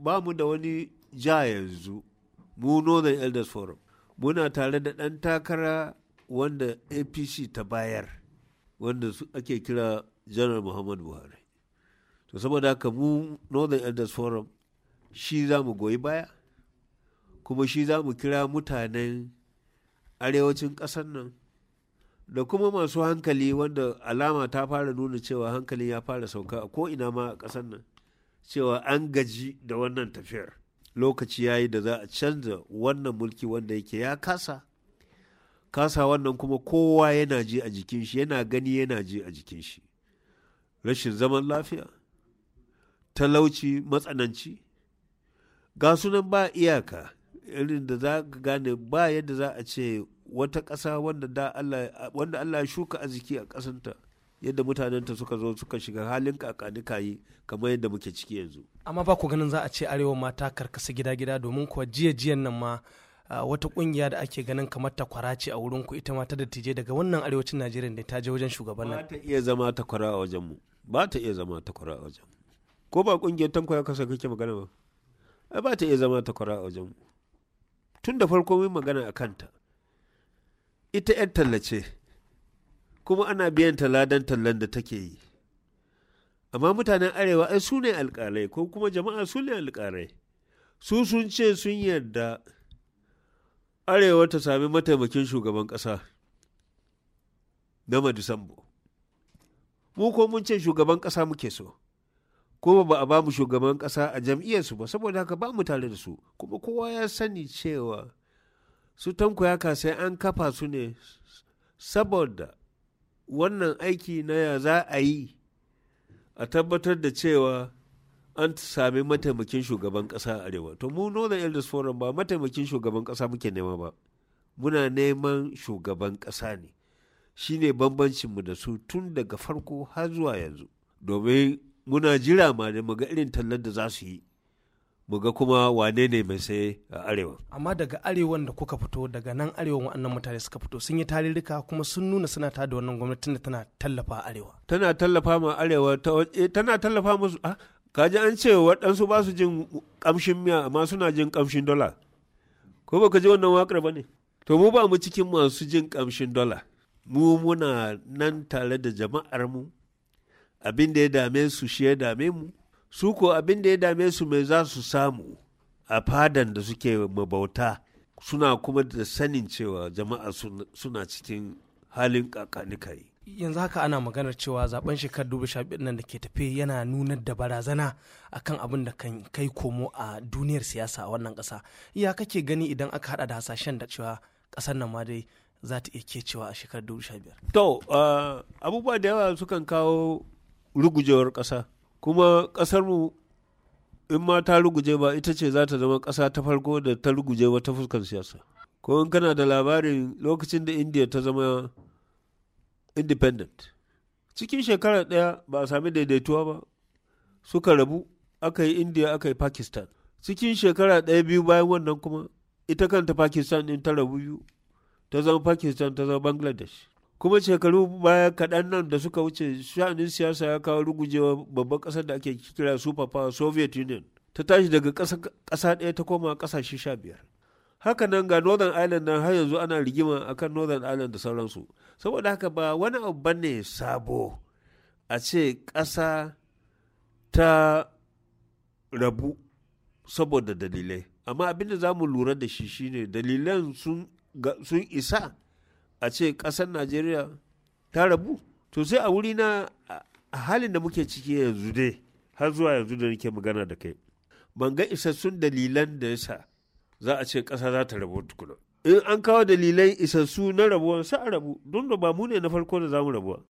ba mu da wani ja yanzu mu northern elders forum muna tare da ɗan takara wanda apc ta bayar wanda ake kira general muhammadu buhari to saboda haka mu northern elders forum shi za mu goyi baya kuma shi za mu kira mutanen arewacin ƙasar nan da kuma masu hankali wanda alama ta fara nuna cewa hankalin ya fara sauka a ina ma a ƙasar nan cewa an gaji da wannan tafiyar lokaci ya yi da za a canza wannan mulki wanda yake ya kasa kasa wannan kuma kowa yana ji a jikin shi yana gani yana ji a jikin shi rashin zaman lafiya talauci matsananci ga nan ba iyaka irin da za ka gane ba yadda za a ce wata ƙasa wanda Allah ya shuka a jiki a ƙasanta yadda mutanenta suka zo suka shiga halin kakanika yi kamar yadda muke ciki yanzu amma ba ku ganin za a ce arewa ma ta karkasa gida-gida domin kuwa jiya-jiyan nan ma wata kungiya da ake ganin kamar ta kwara ce a wurin ku ita ma ta dattijai daga wannan arewacin najeriya ne ta je wajen shugaban nan ba ta iya zama ta kwara a wajen mu ba ta iya zama ta kwara a wajen mu ko ba kungiyar tanko ya kasa kake magana ba ba ta iya zama ta kwara a wajen mu tun da farko mun magana a kanta ita 'yan tallace kuma ana biyan taladan tallan da take yi amma mutanen arewa ai su ne alƙalai ko kuma jama'a su ne alƙalai su sun ce sun yarda arewa ta sami mataimakin shugaban ƙasa na disambo mu ko mun ce shugaban ƙasa muke so ko ba a ba mu shugaban ƙasa a jam'iyyarsu ba saboda haka ba mu tare da su kuma kowa ya sani cewa su tanko sai an kafa su ne saboda wannan aiki na ya za a yi a tabbatar da cewa an sami mataimakin shugaban ƙasa arewa to mu da elders forum ba mataimakin shugaban ƙasa muke nema ba muna neman shugaban ƙasa ne shi ne bambancinmu da su tun daga farko har zuwa yanzu domin muna jira ma da muga irin tallar da za su yi mu ga kuma wane ne mai sai a arewa amma daga arewan da kuka fito daga nan arewan waɗannan mutane suka fito sun yi tarirrika kuma sun nuna suna ta da wannan gwamnatin da tana tallafa arewa tana tallafa ma arewa eh, tana tallafa musu ah, kaji an ce waɗansu ba su jin ƙamshin miya amma suna jin ƙamshin dola ko ba ka ji wannan waƙar ba ne to mu ba mu cikin masu jin ƙamshin dola mu muna nan tare da jama'ar mu abin da ya dame su shi ya dame mu su ko abin da ya dame su mai za su samu a fadan da suke mabauta suna kuma da sanin cewa jama'a suna cikin halin kakanikai yanzu haka ana maganar cewa zaben shekarar dubu nan da ke tafe yana nunar da barazana akan abin da kan kai komo a duniyar siyasa a wannan kasa iya kake gani idan aka hada da hasashen da cewa ƙasar nan ma dai za ta iya kecewa a shekarar dubu to ah, abubuwa da yawa sukan kawo rugujewar kasa kuma ƙasarmu in ma ta ruguje ba ita ce za ta zama ƙasa ta farko da ta ruguje ba ta fuskar siyasa ko in kana da labarin lokacin da india ta zama independent cikin shekara ɗaya ba a sami daidaituwa ba suka rabu aka yi india aka yi pakistan cikin shekara ɗaya biyu bayan wannan kuma ita kanta pakistan ɗin ta rabu biyu ta zama pakistan ta zama bangladesh kuma shekaru baya kaɗan nan da suka wuce sha'anin siyasa ya kawo rugujewa babban ƙasar da ake kira super power soviet union ta tashi daga ƙasa ɗaya ta koma ƙasashe sha biyar haka nan ga northern island na har yanzu ana rigima akan northern island da sauransu saboda haka ba wani abu ne sabo a ce ƙasa ta rabu saboda dalilai amma abin da za mu lura da shi shine dalilan sun isa a ce ƙasar najeriya ta rabu to sai a wuri na a halin da muke ciki yanzu dai har zuwa yanzu da nake magana da kai ban ga isassun dalilan da yasa za a ce ƙasa za ta rabu tukuna in an kawo dalilai isassu na rabuwa sa a rabu don ba mu ne na farko da za mu rabuwa